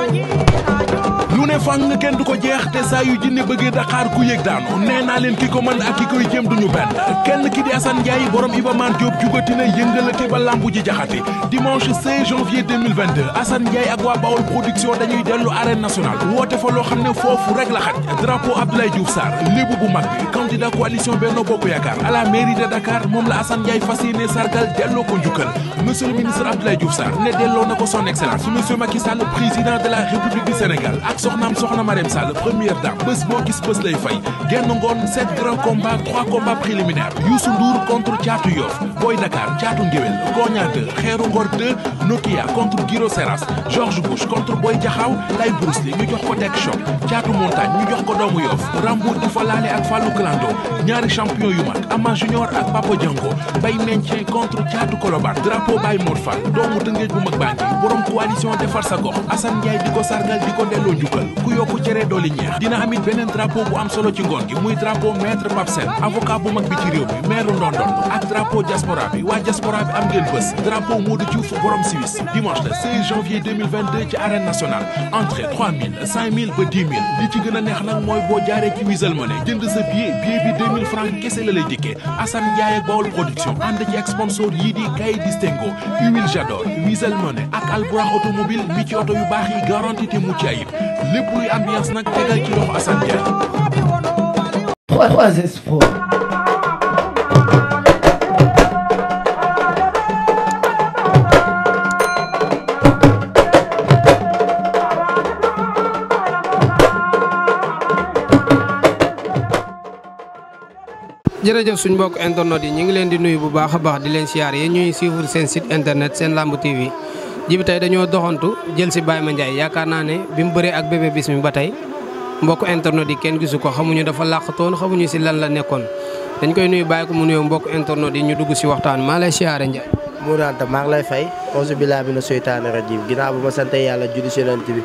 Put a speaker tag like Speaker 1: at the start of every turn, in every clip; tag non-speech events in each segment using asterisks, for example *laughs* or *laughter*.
Speaker 1: Soñi. ne fang kenn du ko jeex te saa yu jinne bëggee daqaar ku yëg daanu nee naa leen ki ko mën ak ki koy jéem duñu benn kenn ki di Assane borom Iba Man Diop jugati ba lambu jaxati dimanche 16 ak waa Bawol production dañuy dellu arène nationale woote fa loo xam ne foofu rek la xaj drapeau Abdoulaye Diouf Sarr lébu bu mag bi candidat coalition Bokk Yaakaar à de Dakar moom la Assane Ndiaye sargal delloo ko njukkal monsieur le maanaam soxna Marème Sall première dame bés boo gis bés lay fay genn ngoon sept grands combats trois combats préliminaires Youssou Ndour contre Thiatou Yoff Boy Dakar Thiatou Ngéwél Koña 2 Xeeru Ngor 2 Nokia Giro Seras George Bush contre Boy Jaxaw Lay Bruce Lee ñu jox ko Tek Choc Thiatou Montagne ñu jox ko doomu Yoff Rambour di fa laale ak Fallou Clando ñaari champion yu mag Ama Junior ak Papa Django Bay Mentien contre Thiatou Kolobar drapeau Bay Mor doomu Tëngéej bu mag baa Sall ku yokk cere dooli ñeex dina amit beneen drapeau bu am solo ci ngoon gi muy drapeau maître Pape Sène avocat bu mag bi ci réew mi maire Ndondon ak drapeau diaspora bi waa diaspora bi am ngeen bés drapeau Modou Diouf borom Suisse dimanche le janvier ci arène nationale entrée ba 10 000 li ci gën a neex nag mooy boo jaaree ci Wizall jënd sa billet billet bi francs kese la lay dikkee Assane Ndiaye ak Bawol production ànd ci ak yii di Kay Distingo Huile Jador lépp luy ambiance nag tegal
Speaker 2: suñ mbokk internet yi ñu ngi leen di nuyu bu baax baax di leen siyaar yi ñuy suivre seen site internet seen lamb TV jibi tey dañoo doxantu jël si Baye Mandiaye yaakaar naa ne bi mu bëree ak bébé Bismi ba tey mbokk internet yi kenn gisu ko xamuñu dafa làqatoon xamuñu si lan la nekkoon dañ koy nuyu bàyyi ko mu nuyoo mbokk internet yi ñu dugg si waxtaan maa lay siyaare Ndiaye.
Speaker 3: mu daanta maa ngi lay fay auzu bi na seytaani rajiim ginnaaw bu ma sante yàlla julli si yonent bi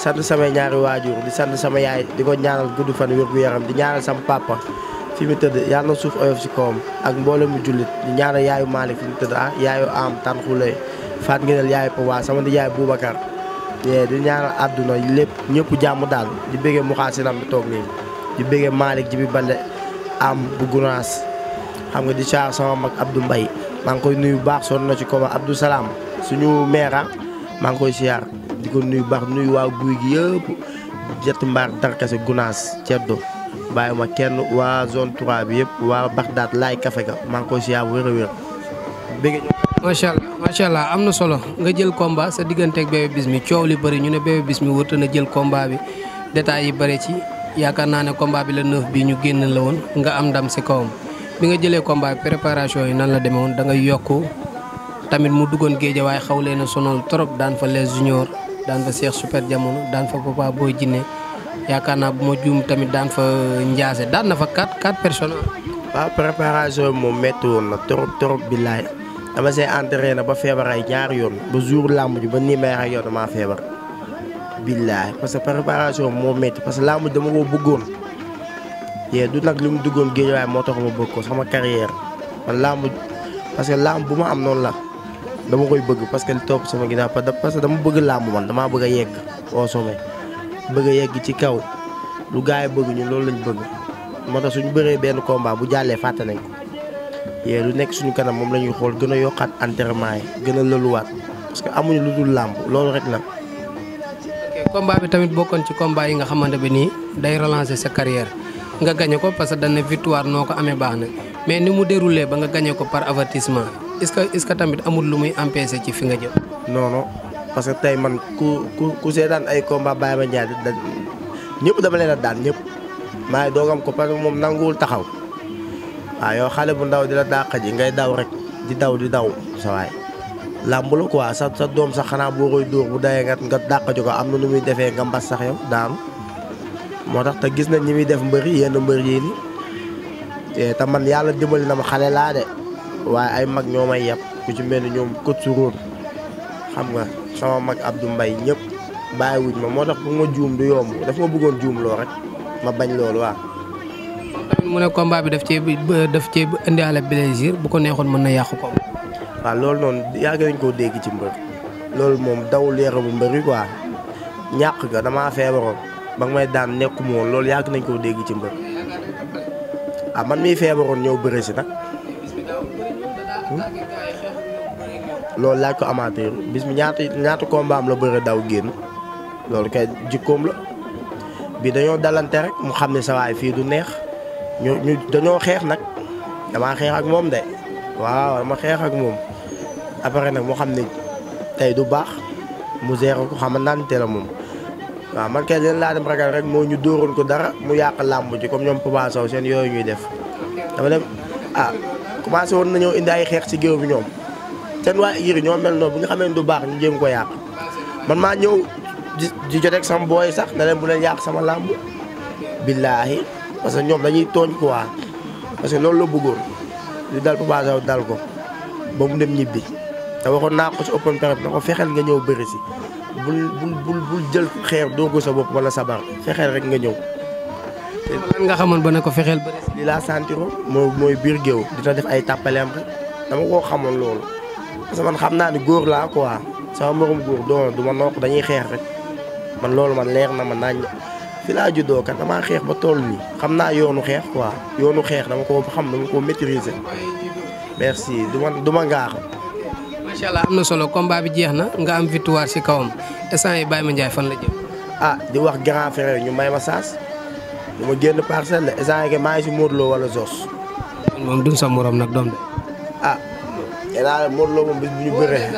Speaker 3: sant samay ñaari waajur di sant sama yaay di ko ñaanal gudd fan wér gu yaram di ñaanal sama papa fi mu tëdd yàlla suuf si kawam ak mbooloo mu jullit di yaayu Malick fi tëdd ah yaayu am tan xulay faat ngeenal yaay Papa sama di yaay Boubacar di ñaar àdduna lépp ñëpp jàmm daal di bëggee muxaasinam na toog nii di bëggee Malick ji bi bale am bu gunaas xam nga di caar sama mag Abdou Mbaye maa ngi koy nuyu baax sonn na ci ab du Salaam suñu maire ah. maa ngi koy siyaar di ko nuy nuyu baax nuy waa guy gi yëpp jett mbaar darkase gunaas ceddo bàyyi ma kenn waa zone 3 bi yëpp waa Baxdaat laay kafe ga maa ngi koy siyaar wér a wér
Speaker 2: macha allah am na solo nga jël combat sa digganteeg Bébé Bismi coow li bëri ñu ne Bébé Bismi wërta na jël combat bi détails yi bëri ci yaakaar naa ne combat bi la neuf bi ñu génn la woon nga am ndam si kawam bi nga jëlee combat bi préparation yi nan la demee woon da nga yokk tamit mu duggoon géeja waaye xaw leen a sonal trop daan fa les junior daan fa Cheikh Super Jamono daan fa Papa Boy Djiné yaakaar naa bu ma juum tamit daan fa njaase daan na fa quatre quatre personnes.
Speaker 3: waaw ah, préparation moom métti woon na trop trop billaay dama see na ba feebar ay ñaari yoon ba jour làmb ji ba nii may wax ak feebar. billaay parce que préparation moo métti parce que ji dama ko bëggoon yee du nag li mu duggoon géej moo tax ma bëgg ko sama carrière man làmb parce que làmb bu ma am noonu la dama koy bëgg parce que li topp sama ginnaaw parce que dama bëgg làmb man damaa bëgg a yegg au sommet bëgg a yegg ci kaw lu gars bëgg ñu loolu lañ bëgg moo tax suñu bëree benn combat bu jàllee fàtte ko. yee lu nekk suñu kanam moom la ñuy xool gën a
Speaker 2: yokkaat entraînement yi gën a lëluwaat parce amuñu lu dul làmb loolu rek la. ok combat bi tamit bokkoon ci combat yi nga xamante bi nii day relancer sa carrière nga gagné ko parce que dañ ne victoire noo ko amee baax na mais ni mu déroulé ba nga gagné ko par avertissement est-ce que est-ce que tamit amul lu muy empêché ci fi nga jëm.
Speaker 3: non non parce que tey man ku ku ku seetaan ay combat Baye Mandiaye da ñëpp dama leen a daan ñëpp maa ngi doog ko taxaw. waaw ah, yow xale bu ndaw di la dàq ji ngay daw rek di daw di daw sa waay làmb la sa sa doom sax xanaa boo koy dóor bu dayee nga nga dàq ko am na nu muy defee nga mbas sax yow daanu moo tax te gis na ñi muy def mbër yi yenn mbër yi nii te man yàlla dimbali na ma xale laa de waaye ay mag ñoo may yeb ku ci mel ni ñoom Côte Suroor xam nga sama mag Abdou Mbaye ñëpp bàyyiwuñ ma moo tax bu ma juum du yomb daf ma bëggoon juum loo rek ma bañ loolu waa
Speaker 2: ne combat bi daf cee daf cee indiwaale plaisir bu ko neexoon mën na yàqu ko.
Speaker 3: waaw loolu yàgg nañ koo dégg ci mbër loolu moom dawul yaramu mbër yi quoi ñàq nga damaa feebaroon ba daan nekkuma woon loolu nañ koo dégg ci mbër ah man mii feebaroon ñëw bëre si nag hmm? loolu laaj ko amateur bis mi ñaata ñaata combat am la bëre daw génn loolu kay jikkoom la bi dañoo dalante rek mu xam ne sa waay fii du neex ñu dañoo xeex nag damaa xeex ak moom de waaw dama xeex ak moom après nag moo xam ne tey du baax mu gérer ko xam naan te la moom. waaw man kay leen laa dem ragal rek moo ñu dóoroon ko dara mu yàq làmb ji comme ñoom Papa Sow seen yooyu ñuy def dama dem ah commencé woon nañoo indi ay xeex ci géew bi ñoom seen waa yëri ñoo mel noonu bu nga xamee ne du baax ñu jéem ko yàq man maa ñëw di joteeg sama booy sax na leen bu leen yàq sama làmb billaahi parce que ñoom dañuy tooñ quoi parce que loolu la bëggoon li dal Papa Sow dal ko ba mu dem ñibbi te waxoon naa ko ci open période na ko fexeel nga ñëw bëri si bul bul bul bul jël xeer doo ko sa bopp wala sa bar fexeel rek nga ñëw. lan nga xamoon ba ne ko fexeel bëri si. li laa santiro moo mooy biir géew dina def ay tàppaleem rek dama ko xamoon loolu parce man xam naa ni góor laa quoi sama morom góor doon du ma noq dañuy xeer rek man loolu man leer na ma nañ fi laa juddoo kat damaa xeex ba tool nii xam naa yoonu xeex quoi yoonu xeex dama ko xam dama ko maîtriser merci du ma du ma ngaax.
Speaker 2: macha allah am na solo combat bi jeex na nga am victoire ci kawam instant yi Baye Mandiaye fan la jëm.
Speaker 3: ah di wax grand frère ñu may ma saas du ma génn parcelle la instant
Speaker 2: maa ngi ci Modou Lo wala Zos. moom duñ sa morom nag doom de. a ah, ngi Modou Lo moom bu ñu bëree. xam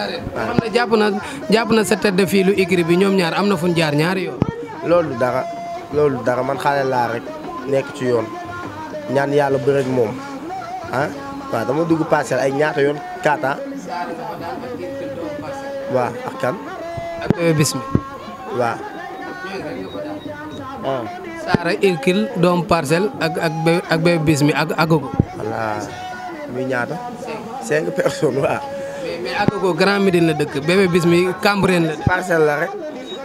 Speaker 2: na jàpp na jàpp na sa tête de file lu écrit bi ñoom ñaar am na fu jaar ñaari yoon.
Speaker 3: loolu dara. loolu dara man xale laa rek nekk ci yoon ñaan yàlla bu rek moom ah waaw dama dugg parcelle ay ñaata yoon kaata ah.
Speaker 2: waaw ak kan. ak euh, bismi. waaw. ah. Saara Irkil doom parcelle ak ak bé ak bé ak agogo. muy ñaata. cinq personnes waaw. mais mais agogo Grand Médine la dëkk bébé bis mi la. parcelle la rek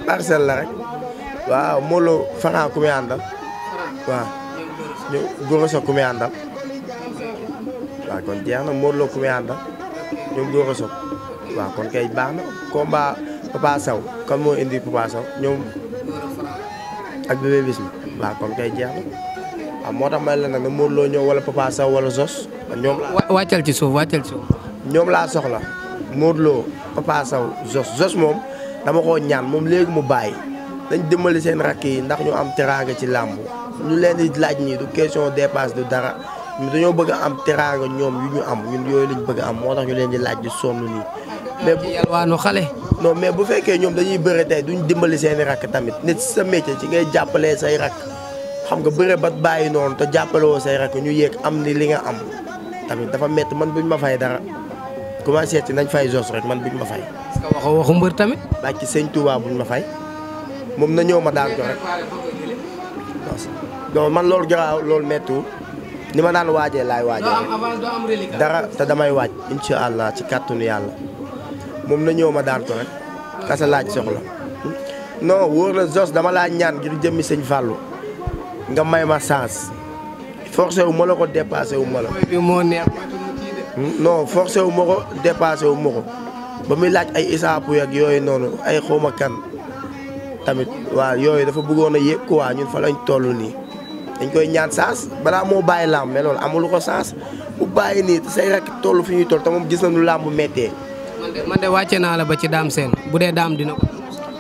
Speaker 2: parcelle waaw Modou Lo Franc ku muy àndal waaw ñu
Speaker 3: Gora Sock ku muy àndal waaw kon jeex na Modou Lo ku muy àndal ñoom Gora Sock kon kay baax na combat Papa Sow moo indi Papa Sow ñoom ak Bébé Bismi waaw kon kay jeex na waaw moo tax may la nag ñëw wala Papa wala Zos ñoom ci suuf wàccal ñoom laa soxla Modou Lo Papa Zos Zos moom dama koo ñaan moom léegi mu bàyyi dañ dimbali seen rakk yi ndax ñu am teraanga ci làmb ñu leen di laaj nii du question dépasse du dara dañoo bëgg am teraanga ñoom yu ñu am ñun yooyu lañ bëgg am moo tax ñu leen di laaj di sonn nii. mais yalwaanu xale. non mais bu fekkee ñoom dañuy bëre tey duñ dimbali seen rakk tamit nit sa métier ci ngay jàppalee say rakk xam nga bëre ba bàyyi noonu te jàppale woo say rakk ñu yéeg am ni li nga am tamit dafa métti man buñ ma fay dara. commencé ci nañ fay jos rek man buñ ma fay. parce tamit. bàcc sëñ ma fay. moom na ñëw ma daan ko rek donc man loolu garaw loolu méttiwul ni ma daan waajee laay
Speaker 2: waajee dara
Speaker 3: te damay waaj incha allah ci kàttanu yàlla moom na ñëw ma daan ko rek kasa laaj soxla non wóor la Zoss dama laa ñaan ngir jëmmi sëñ Fallou nga may ma chance forcé wu ma la ko dépassé wu ma la. non forcé wu ma ko dépassé wu ma ko ba muy laaj ay isaapu ak yooyu noonu ay xawma kan. tamit waaw yooyu dafa bëggoon a yëg quoi ñun fa lañ toll nii dañ koy ñaan saas balaa moo bàyyi làmb mais loolu amul ko saas bu bàyyi nii te say rakk toll fu ñuy toll te moom gis nañu làmb
Speaker 2: méttee. man de man de wàcce naa la ba ci daam seen bu dee daam dina ko.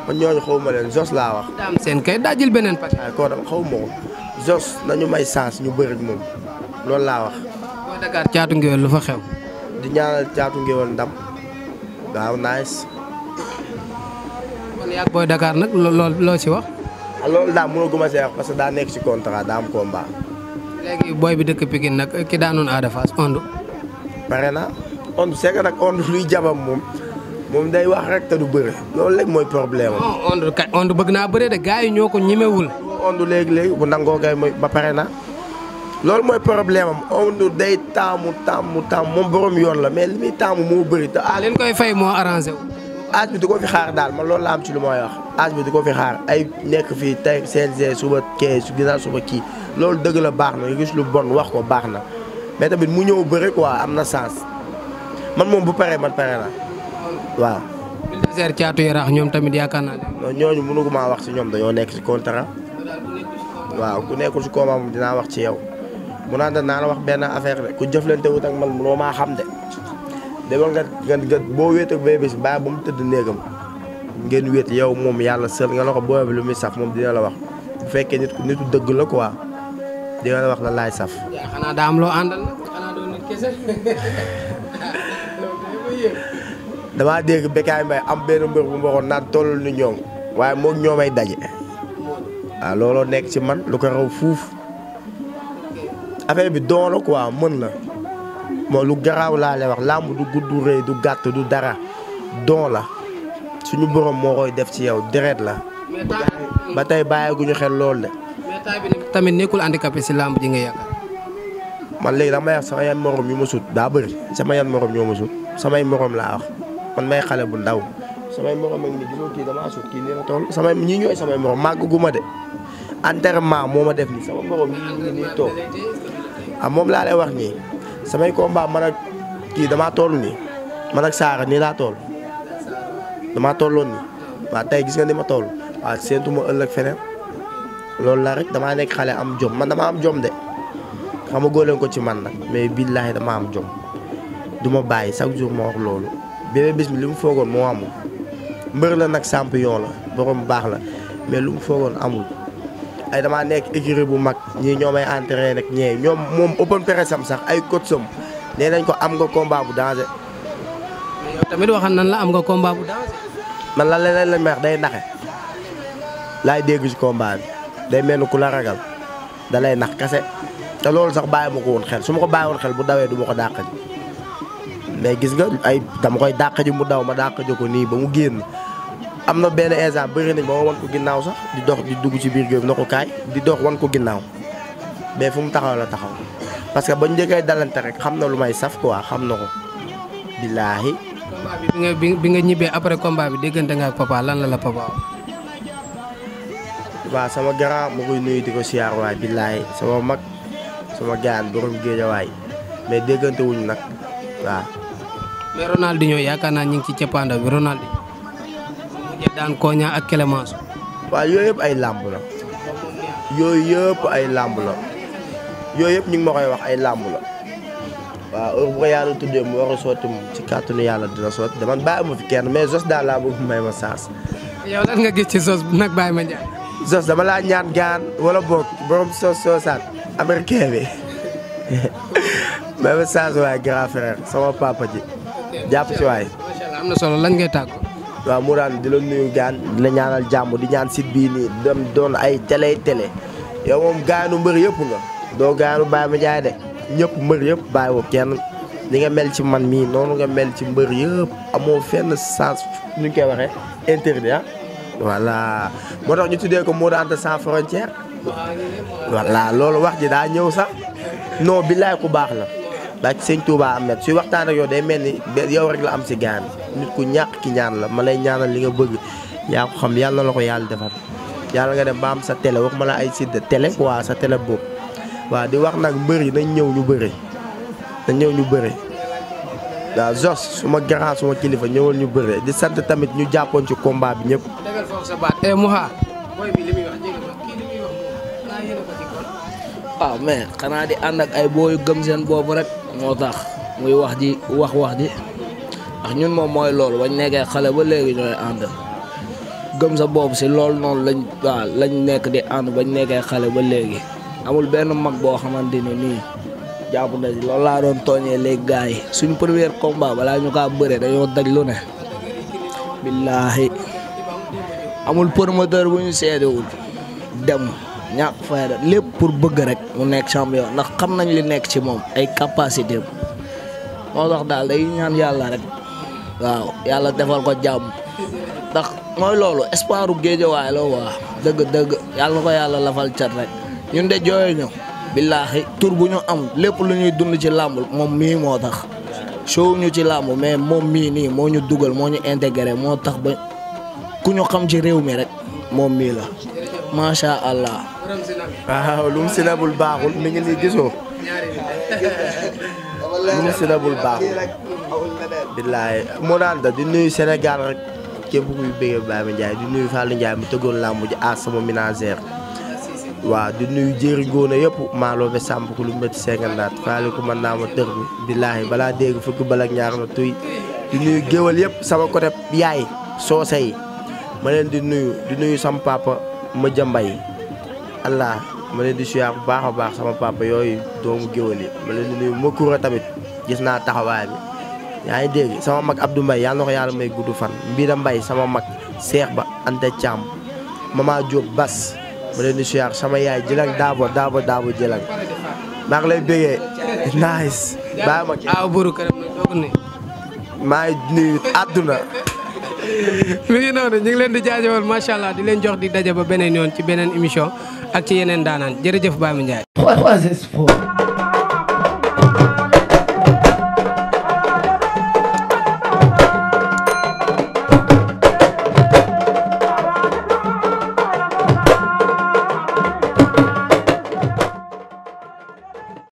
Speaker 2: man ñooñu xaw ma leen
Speaker 3: jos laa wax. daam seen kay dajil beneen pàcc. waaw ah, koo dama xaw ma ko jos nañu may saas ñu bëri
Speaker 2: moom loolu laa wax. waa Dakar caatu ngéwél lu fa xew.
Speaker 3: di ñaanal caatu ngéwél
Speaker 2: ndam yàgg booy Dakar nag lool loo ci wax.
Speaker 3: Ah, loolu daal mënoo guma see wax parce que daa nekk ci contrat daa am combat.
Speaker 2: léegi booy bi dëkk Pikine nag ki daanoon Ada Fass Onde. pare na
Speaker 3: Onde c'est que nag Onde luy jabam moom moom day wax rek te du bëre loolu léegi mooy problème am. Onde kat Onde bëgg naa bëre de yi ñoo ko ñemewul. Onde léegi léegi ba pare na loolu mooy problème am Onde day taamu taamu taamu moom borom yoon la mais li muy taamu moo bëri te. Ah. leen koy fay moo arrangé âge bi du ko fi xaar daal man loolu la am ci lu may wax âge bi du ko fi xaar ay nekk fii tey CNG suba kee su ginnaaw suba kii loolu dëgg la baax na nga gis lu bon wax ko baax na mais tamit mu ñëw bëri quoi am na sens man moom bu paree man pare na waaw.
Speaker 2: Buldozer Thiatou Yarakh ñoom tamit yaakaar naa ne. ñooñu mënu ko
Speaker 3: maa wax si ñoom dañoo nekk si contrat waaw ku nekkul si combat moom dinaa wax ci yow mu naan naa la wax benn affaire de ku jëflante wut ak xam de. demal nga nga boo wéeteeg bébé si mbaa ba mu tëdd néegam ngeen wéet yow moom yàlla seet nga la ko booy bi lu muy saf moom dina la wax bu fekkee nit u dëgg la quoi dina la wax la laay saf. waaw xanaa daa am loo àndal am benn mbër bu ma waxoon naan tollul ni ñoom waaye moom ñoomay daje. waaw ah, looloo nekk ci man lu ko raw fuuf affaire bi doon la quoi mën la. moo lu garaaw laa lay wax làmb du gudd rëy du gàtt du dara don la suñu borom moo koy def ci yow deret la. ba tey bàyyeeguñu xel lool de. tamit nekkul handicapé si làmb ji nga yaakaar. man léegi dama yàq sama yan morom yu ma sut daa bëri sama yan morom ñoo ma sut samay morom laa wax man may xale bu ndaw samay morom ak ni gisoo kii damaa sut kii nii la toll samay ñii ñooy samay morom màggagu ma de entraînement moo ma def nii sama morom ñii nii toog ah moom laa wax nii. samay combat man ak kii damaa toll nii man ak Saara nii laa toll damaa tolloon nii tey gis nga ni ma toll waaw séntu ma ëllëg feneen loolu la rek damaa nekk xale am jom man dama am jom de xama góoleen ko ci man nag mais billaahi dama am jom du ma bàyyi chaque jour ma wax loolu Bébé Bismi li mu foogoon moo amul mbër la nag champion la borom baax la mais lu mu foogoon amul ay damaa nekk écurie bu mag ñii ñoo may entraîné rek ñee ñoom moom open press am sax ay coach am nee nañ ko am nga combat bu danger. mais yow tamit nan la am nga combat bu man lan leneen lañ may day naxe laay dégg ci combat bi day mel ni ku la ragal da lay nax kase te loolu sax bàyyi ma ko woon xel su ma ko bàyyi woon xel bu dawee du ma ko dàq ji mais gis nga ay dama koy dàq ji mu daw ma dàq ko nii ba mu génn. am na benn exemple bëri nañ ba ma wan ko ginnaaw sax di dox di dugg ci biir géew bi na ko kaay di dox wan ko ginnaaw mais fu mu taxaw la taxaw parce que bañ njëkkee dalante rek xam na lu may saf quoi xam na ko billaahi.
Speaker 2: bi nga ñibbee après combat bi déggante nga ak papa lan la la papa.
Speaker 3: waaw sama grand ma koy nuyu di ko siyaar waay billaahi sama mag sama gaan borom géejawaay mais déggante wuñu nag waaw.
Speaker 2: daan Koña ak Clémence.
Speaker 3: waaw yooyu yëpp ay làmb la yooyu ay làmb la yooyu yëpp ñu ngi ma wax ay làmb la waaw heure bu ko yàlla tuddee mu war a moom ci kàttanu yàlla dina sotti dama bàyyi ma kenn mais Zoss daal laa bëgg may ma saas.
Speaker 2: yow lan nga gis ci Zoss nag
Speaker 3: bàyyi ma ñaan. Zoss dama laa ñaan gaan wala boog borom Zoss soosaat américain bi *laughs* may ma saas waaye grand frère sama papa ji jàpp ci waay. am na solo lan ngay tàggoo. waaw Mourane di la nuyu gaan di ñaanal jàmm di ñaan si bii nii dem doon ay télé tele yow moom gaanu mbër yëpp nga doo gaanu Baye Mandiaye de ñëpp mbër yëpp bàyyi woo kenn li nga mel ci man mii noonu nga mel ci mbër yëpp amoo fenn sens ñu koy waxee interdit ah voilà moo tax ñu tuddee ko Modou Anta sans frontière voilà loolu wax ji daa ñëw sax non billaay ku baax la daa ci sëñ Touba Ahmed suy waxtaan ak yow day mel ni yow rek la am si gaan nit ku ñàkk ki ñaan la malay lay li nga bëgg yaa ko xam yàlla na ko yàlla defal yàlla nga dem ba sa télé wax ma la ay site télé waa sa télé boobu waa di wax nag mbër yi nañ ñëw ñu bëri nañ ñëw ñu bëri waaw Zos suma grand suma kilifa ñëwal ñu bëri di sant tamit ñu jàppoon ci combat bi ñëpp.
Speaker 2: Eh, waaw
Speaker 4: ah, mais xanaa di ànd ak ay booyu gëm seen boobu rek moo tax muy wax ji wax wax ji. ndax ñun moom mooy loolu bañ nekkee xale ba léegi ñooy ànd gëm sa boobu si loolu noonu lañ waaw lañ nekk di ànd bañ nekkee xale ba léegi amul benn mag boo xamante ni nii jàpp na si loolu laa doon tooñee léegi gars yi suñu premier combat balaa ñu kaa bëree dañoo daj lu ne billaahi amul promoteur bu ñu seedewul dem ñàkk fayda lépp pour bëgg rek mu nekk champion ndax xam nañ li nekk ci moom ay capacité moo tax daal day ñaan yàlla rek waaw yàlla defal ko jàmm ndax mooy loolu espoiru géejawaay la waa dëgg dëgg yàlla ko yàlla lafal cat rek ñun de jooyee ñu billaahi tur bu ñu am lépp lu ñuy dund ci làmb moom mii moo tax show ñu ci làmb mais moom mii nii moo ñu dugal moo ñu intégré moo tax ba ku ñu xam ci réew mi rek moom mii la macha allah. waaw lu mu sinabul
Speaker 3: baaxul mi ngi nii gisoo.
Speaker 4: *laughs* lu mu
Speaker 3: sinabul baaxul. billaay moo daan da di nuyu Sénégal rek képp kuy bëggee Baye Mandiaye di nuyu Fallou Ndiaye mi tëggoon làmb ji sama ménagère waaw di nuyu jëri góone yëpp maaloofe sàmp ku lu métti cinquante faale ko mën naa ma tër billaahi balaa dégg fukki balak ñaar na tuy di nuyu géwal yëpp sama côté yaay soose yi ma leen di nuyu di nuyu sama papa ma jambay allah ma leen di suyaar bu baax a baax sama papa yooyu doo géwal yi ma di nuyu ma kura tamit gis naa taxawaay bi yaa ngi dégg sama mag Abdou Mbaye yàlla na ko yàlla may gudd fan Mbira Mbaye sama mag Cheikh Ba Anta Thiam Mama Diop Bas ma leen di siyaar sama yaay jëlang daabo daabo daabo jëlang
Speaker 2: maa ngi lay bégee nice baa ma aw buru këram na doog ni maa ngi nuyu *laughs* noonu ñu leen di jaajëfal macha allah di leen jox di daje ba beneen yoon ci beneen émission ak ci yeneen daanaan jërëjëf Baye
Speaker 3: Mandiaye